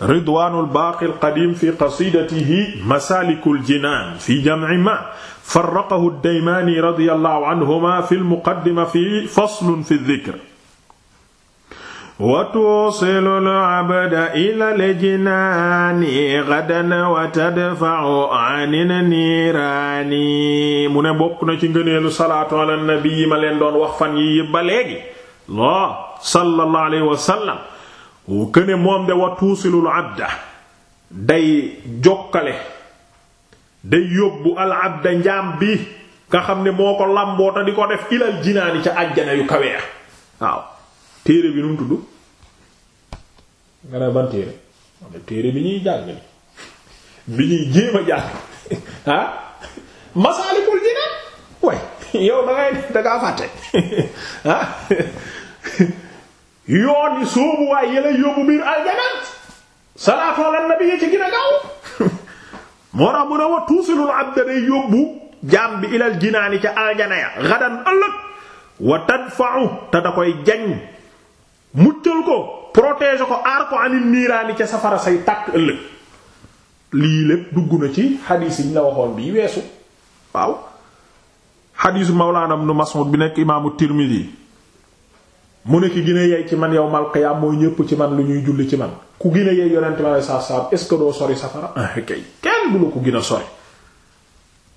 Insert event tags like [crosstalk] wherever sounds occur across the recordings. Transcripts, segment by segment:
ridwaanul baaqil qadiim fi qasiidatihi masaalikul jinaan fi jam'i maa farraqahu ad-daymaani radiyallahu anhumaa fil muqaddima fi faslun fi dhikr wa tuusilu al-abda ila al-jinaani gadan wa tadfa'u an an-niiraani mu ne bokk na ci ngëneelu salaatu ala nabi ma leen doon wax fan yi yëpp ba léegi loo sallallahu alayhi wa sallam këne moom de wa tuusilul abda day jokkale day yóbbu al abda njaam bi nga xam ne moo ko làmboota di ko def ilal jinaani ca àjjana yu kawe waaw téere bi nu tudd nga ne ban téere téere bi ñuy jàng ni bi ñuy jéem jàng [laughs] ah masaalikul jinaan way [laughs] yow da ngay dangaa fàtte [laughs] ah? yoon yi sóobu waay yëla yóbbu biir aljana salaatu ala nabi ci gën a [laughs] moo tax mu ne wa tuusilul abda day yóbbu jaam bi ilal jinaani ca aljana ya gadan ëllëg wa tadfa'u te da koy jañ muccal ko protéger ko aar ko anil niiraani ca safara say tàkk ëllëg lii lépp dugg na ci xadiis yi waxoon bii weesu waaw xadiisu mawlaana ibnu Mas'ud bi nekk imaamu Tirmidi mu ne ki gën a ci man yow qiyaam mooy ñëpp ci man lu ñuy julli ci man ku gën a yey yonent ma lay saab est ce que doo sori safara ah kay kenn du la ko gën sori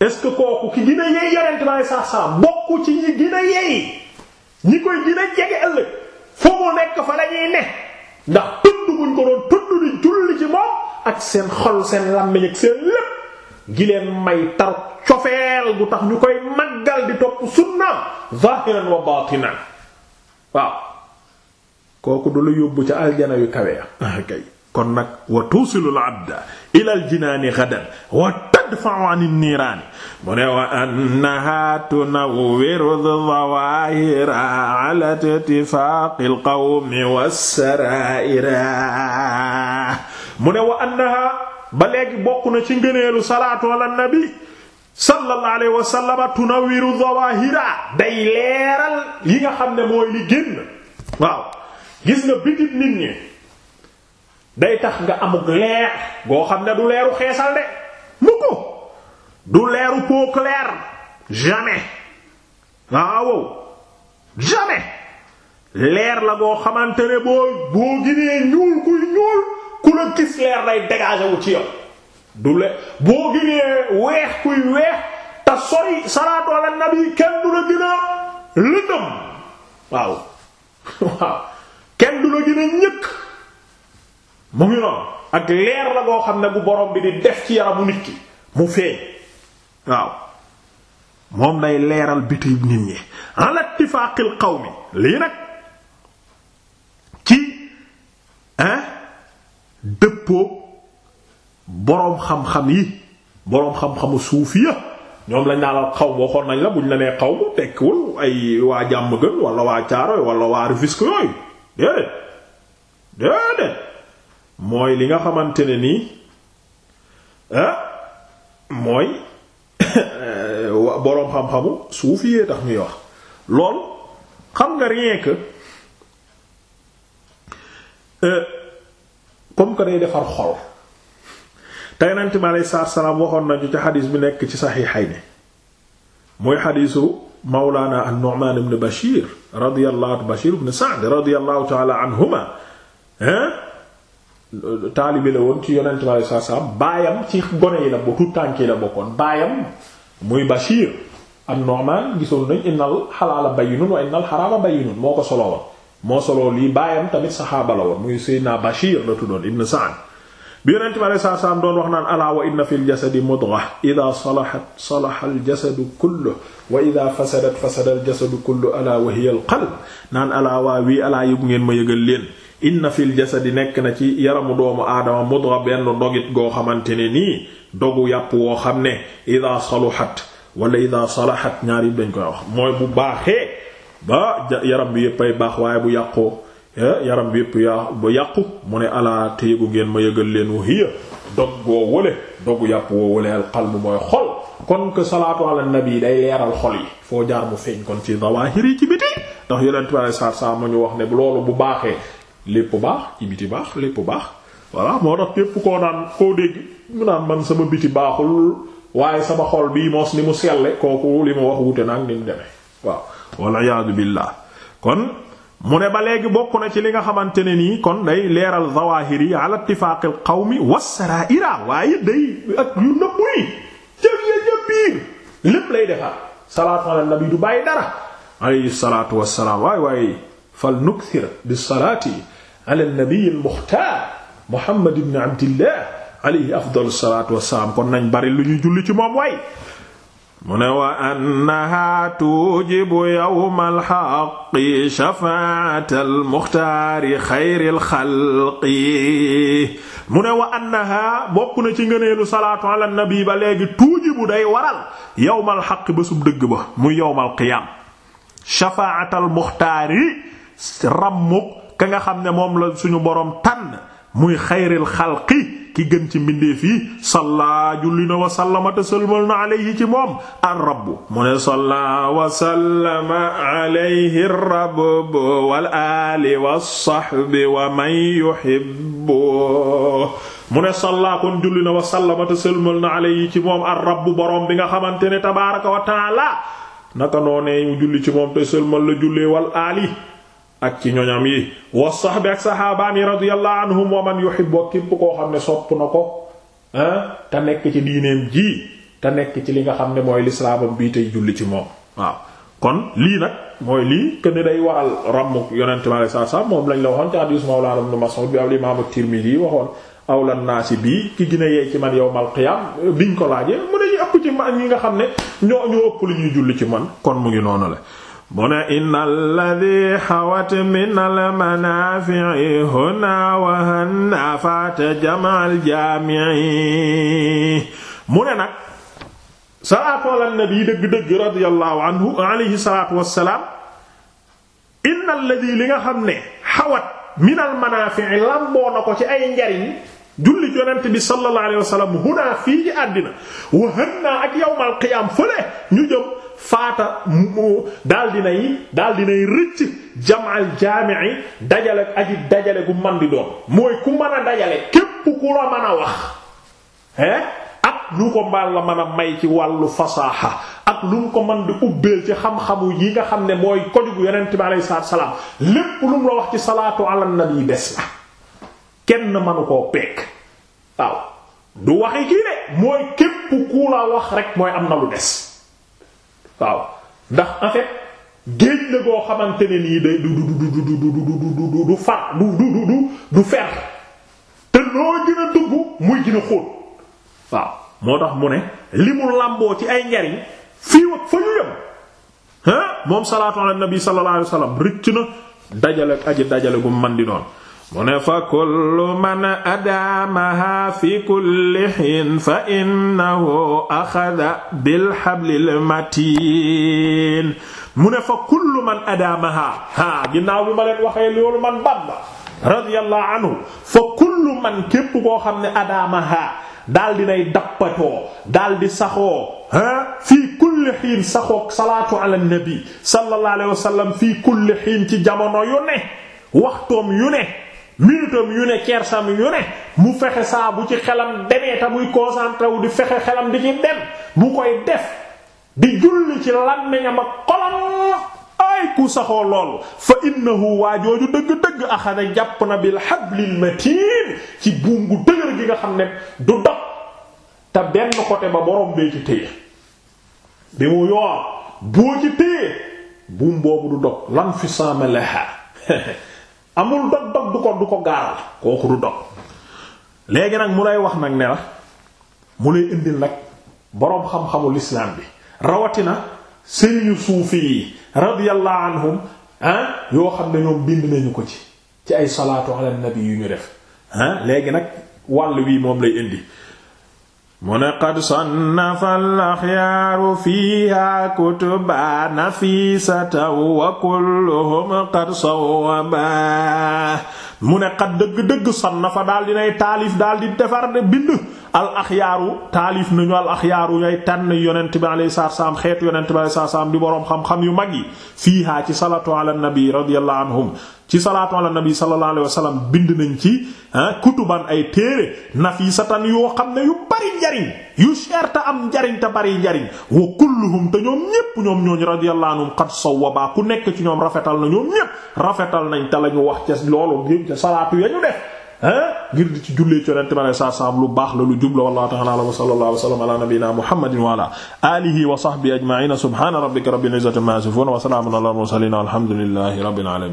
est kooku ki gën a yey yonent ma lay saab bokk ci ñi gën a yey ñi koy gën jege ëllëg foo mu nekk lañuy ne ndax tudd buñ ko doon tudd di julli ci moom ak seen xol seen làmmiñ ak seen lépp gi leen may tar cofeel gu tax ñu koy maggal di topp sunna zahiran wa batinan waaw kooku du la yóbbu ca aljana yu kawe ah, kay kon nag wa tuusilu al abda ila al jinaani gadan wa tadfa'u an an niiraani mu ne wa annaha tunawwiru dhawaahira ala ittifaaqi al qawmi wassaraa'ira mu ne wa annaha ba léegi bokk na ci ngëneelu salaatu ala nabi sallallahu alayhi wa sallam tunawwiru dhawaahira day leeral yi nga xam ne mooy li génn waaw gis nga bitib nit ñi day tax nga amuk leer goo xam ne du leeru xeesal de mu ko du leeru peau claire jamais waaw jamais leer la goo xamante ne boo boo ginee ñuul kuy ñuul ku la gis leer day dégagé ci yow du le boo ginee weex kuy weex te sori salaatu ala nabi kenn du la gën a lëndëm waaw [laughs] la gën a xam ne bu borom bi di def ci yaramu nit leeral biti nit ñi ala ittifaaqil lii nag ci hein dëppoo boroom xam-xam yi boroom xam-xamu suufiya ñoom lañ naa la xaw waxoon nañ la buñ la nee xaw mu tekkiwul ay waa jàmm gën wala waa caaro wala waa Rufisque déedéet déedéet mooy li nga xamante ne nii ah mooy [coughs] boroom xam-xamu suufi yee tax ñuy wax lool xam nga rien que euh, comme que day defar xol te yonent mi aleyhi salaatu waxoon nañu ci xadiis bi nekk ci saxiixay ne mooy xadiisu mawlaana an-Nu'maan ibn Bashir radiyallahu Bashir ibn Sa'd radiyallahu ta'ala anhuma taalibe la woon ci yonent bi sallallahu alayhi wasallam baayam ci gone yi la boo tut tànkee la bokkoon baayam muy Bashir an-Nu'maan gisoon nañ innal xalaala bayyinun wa innal xaraama bayyinun moo ko solo moo solo lii baayam tamit saxaaba la woon muy Seydina Bashir la tuddoon ibn Sa'd bi yonent bi alayhi salaam doon wax naan alaa wa inna fil jasadi mudgha idha salahat salaha al jasadu kullu wa idha fasadat fasada al jasadu kullu alaa wa hiya al qalb naan alaa waa wii alaa yëgu ngeen ma yëgal leen inna fil jasadi nekk na ci yaramu doomu aadama mudgha benn dogit goo xamante ne nii dogu yàpp woo xam ne idha saluhat wala idha salahat ñaar yi dañ koy wax mooy bu baaxee ba yaram bi yépp ay baax waaye bu yàqoo Eh, yaram bi yëpp yaa bu yàqu mu ne alaa téyegu ngeen ma yëgal leen wa hiya dog goo wële dogu yàpp woo wële al qalbu mooy xol kon que salaatu ala nabi day leeral xol yi foo jaar mu feeñ kon ci zawahir yi ci biti ndax yonent bi saa saa ñu wax ne loolu bu baaxee lépp baax ci biti baax lépp baax voilà moo tax képp koo naan koo dégg mu naan man sama biti baaxul waaye sama xol bii moos ni mu selle kooku li mu wax wute nag ni mu demee waaw walla iyaadu billaah kon mu ne ba léegi bokk na ci li nga xamante ne nii kon day leeral zawahir yi ala ittifaaqil qawmi wasaraira waaye day ak yu nëbbu yi jëf ya jëf biir lépp lay defar salaatu ala nabi du bàyyi dara alayhi salaatu wassalaam waay waaye fal nukthir bis salaati ala nabi al muxtaar muhammad ibn abdillah alayhi afdalu salaatu wassalaam kon nañ bari lu ñuy julli ci moom waay mu ne wa annaha tujibu yawmal haqqi shafaatal muxtaari xayril xalqi mu ne wa annaha bokk na ci ngëneelu salaatu ala nabi ba léegi tujibu day waral yawmal xaq bésub dëgg ba muy yawmal qiyaam shafaatal muxtaari rammuk ka nga xam ne moom la suñu boroom tànn muy xayril xalqi ki gën ci mbindeef fii sallaa julli na wa sallama te sëlmal na ci moom ar rabbu mu ne sallaa wa sallama alayhi rabb wal aali wa mu ne sallaa kon julli na wa sallama te sëlmal na ci moom ar rabbu boroom bi nga xamante ne tabaaraka wa taala naka noonee mu julli ci moom te sëlmal la jullee wal aali ak ci ñoñam yi wa sahbi ak saxaabaam yi radiyallahu anhum wa man yuhibbu képp koo xam ne sopp na ko ah, te nekk ci diineem ji te nekk ci li nga xam ne mooy lislaamam bii tey julli ci moom waaw kon lii nag mooy lii que ne day waxal ràmmuk yonente mi alayhi salaam moom lañ la waxoon ci hadiis Mawlaana Ibn Mas'ud bi al imaam waxoon awla naasi bii ki gën a yey ci man yawmal qiyaam biñ ko laajee mu ne ñu ëpp ci man ñi nga xam ne ñoo ñoo ëpp lu ñuy julli ci man kon mu ngi noonu la mu ne inna alladi xawat min almanaafici huna wa hanna faata jamaal jaamici mu ne nag salaatu ala nabi dëgg-dëgg radiyallahu anhu alayhi salaatu wassalaam inna alladi li nga xam ne xawat min almanaafici lamboo na ko ci ay njariñ julli yonent bi sallallahu alayhi wa sallam huna fii ci àddina wa hanna ak yawmal qiyaam fële ñu jëm faata mu daal dinay daal dinay rëcc jamal jaami'i dajale aji dajale bu man di doon mooy ku mën a dajale képp ku la mën a wax ak lu ko mbaal la mën a may ci wàllu fasaaxa ak lu ko mën di ubbeel ci xam-xamu yi nga xam ne mooy kojugu yonent bi alayhi salaatu salaam lépp lu mu la wax ci salaatu ala nabi des na kenn mënu koo peek waaw du waxi kii de mooy képp ku la wax rek mooy am na lu des waaw ndax en géej la boo xamante ne nii day du du du du du du du du du du du du du fer te noo gën a dugg muy gën xóot waaw moo tax mu ne li mu làmboo ci ay njariñ fii wag fa ñu yem moom salaatu ala nabi sallallahu alayhi wasallam rëcc na dajale ak aji dajale gu man di mu ne fa kullu man adaamaha fi kulli xiin fa innahu axada bil xablil matiin mu ne fa kullu man adaamaha haa ginnaaw bi ma leen waxee loolu man Bamba radiyallahu anhu fa kullu man képp koo xam ne adaamaha daal dinay dappatoo daal di saxoo ha fii kulli xiin saxoo salaatu ala nabi sallallahu alayhi wa sallam fii kulli xiin ci jamono yu ne waxtoom yu ne minutam yu ne kersam yu ne mu fexe saa bu ci xelam demee te muy concentré wu di fexe xelam di ci dem mu koy def di julli ci làmmiñam ak xolam ay ku saxoo loolu fa innahu waa jooju dëgg-dëgg axada jàpp na bil hablil matin ci buum gu dëgër gi nga xam ne du dog te benn côté ba borom bee ci téye bi mu yoor boo ci téye buum boobu du dog lan fi saama laha [laughs] amul dog dog du ko du ko gaaral kooku du dog léegi nag mu lay wax nag ne la mu lay indil nag boroom xam-xamul islaam bi rawatina sëriñu suufi yi radiyallahu anhum ah yoo xam ne ñoom bind nañu ko ci ci ay salaatu ala nabi yu ñu def ah léegi nag wàll wii moom lay indi mu ne qad sannafa alaxyaaru fiiha kutuba nafisatan wa kulluhum qad sawaba mu ne qad dëgg-dëgg sannafa daal dinay taalif daal di defar de bind al axyaaru taalif nañu al axyaaru ñooy tànn yonent bi alayhi salaam xeetu yonent bi alayhi salaam di boroom xam-xam yu mag yi fiihaa ci salaatu ala nabi radiyallahu anhum ci salaatu ala nabi sallallahu alayhi wasallam bind nañ ci ah, kutuban ay téere nafisatan yoo xam ne yu bari njariñ yu cher am njariñ te bari njariñ wa kulluhum te ñoom ñépp ñoom ñooñu radiyallahu anhum qad sawwaba ku nekk ci ñoom rafetal na ñoom ñépp rafetal nañ te lañu wax ca loolu ca salaatu yañu def ngir di ci jullee yonente bi alayhi salaam lu baax la lu jubla wallahu ta'ala wa sallallahu wa sallam ala nabiyyina muhammadin wa ala alihi wa sahbihi ajma'ina subhana rabbika rabbil izzati amma yasifun wa salamun ala al mursalin walhamdulillahi rabbil alamin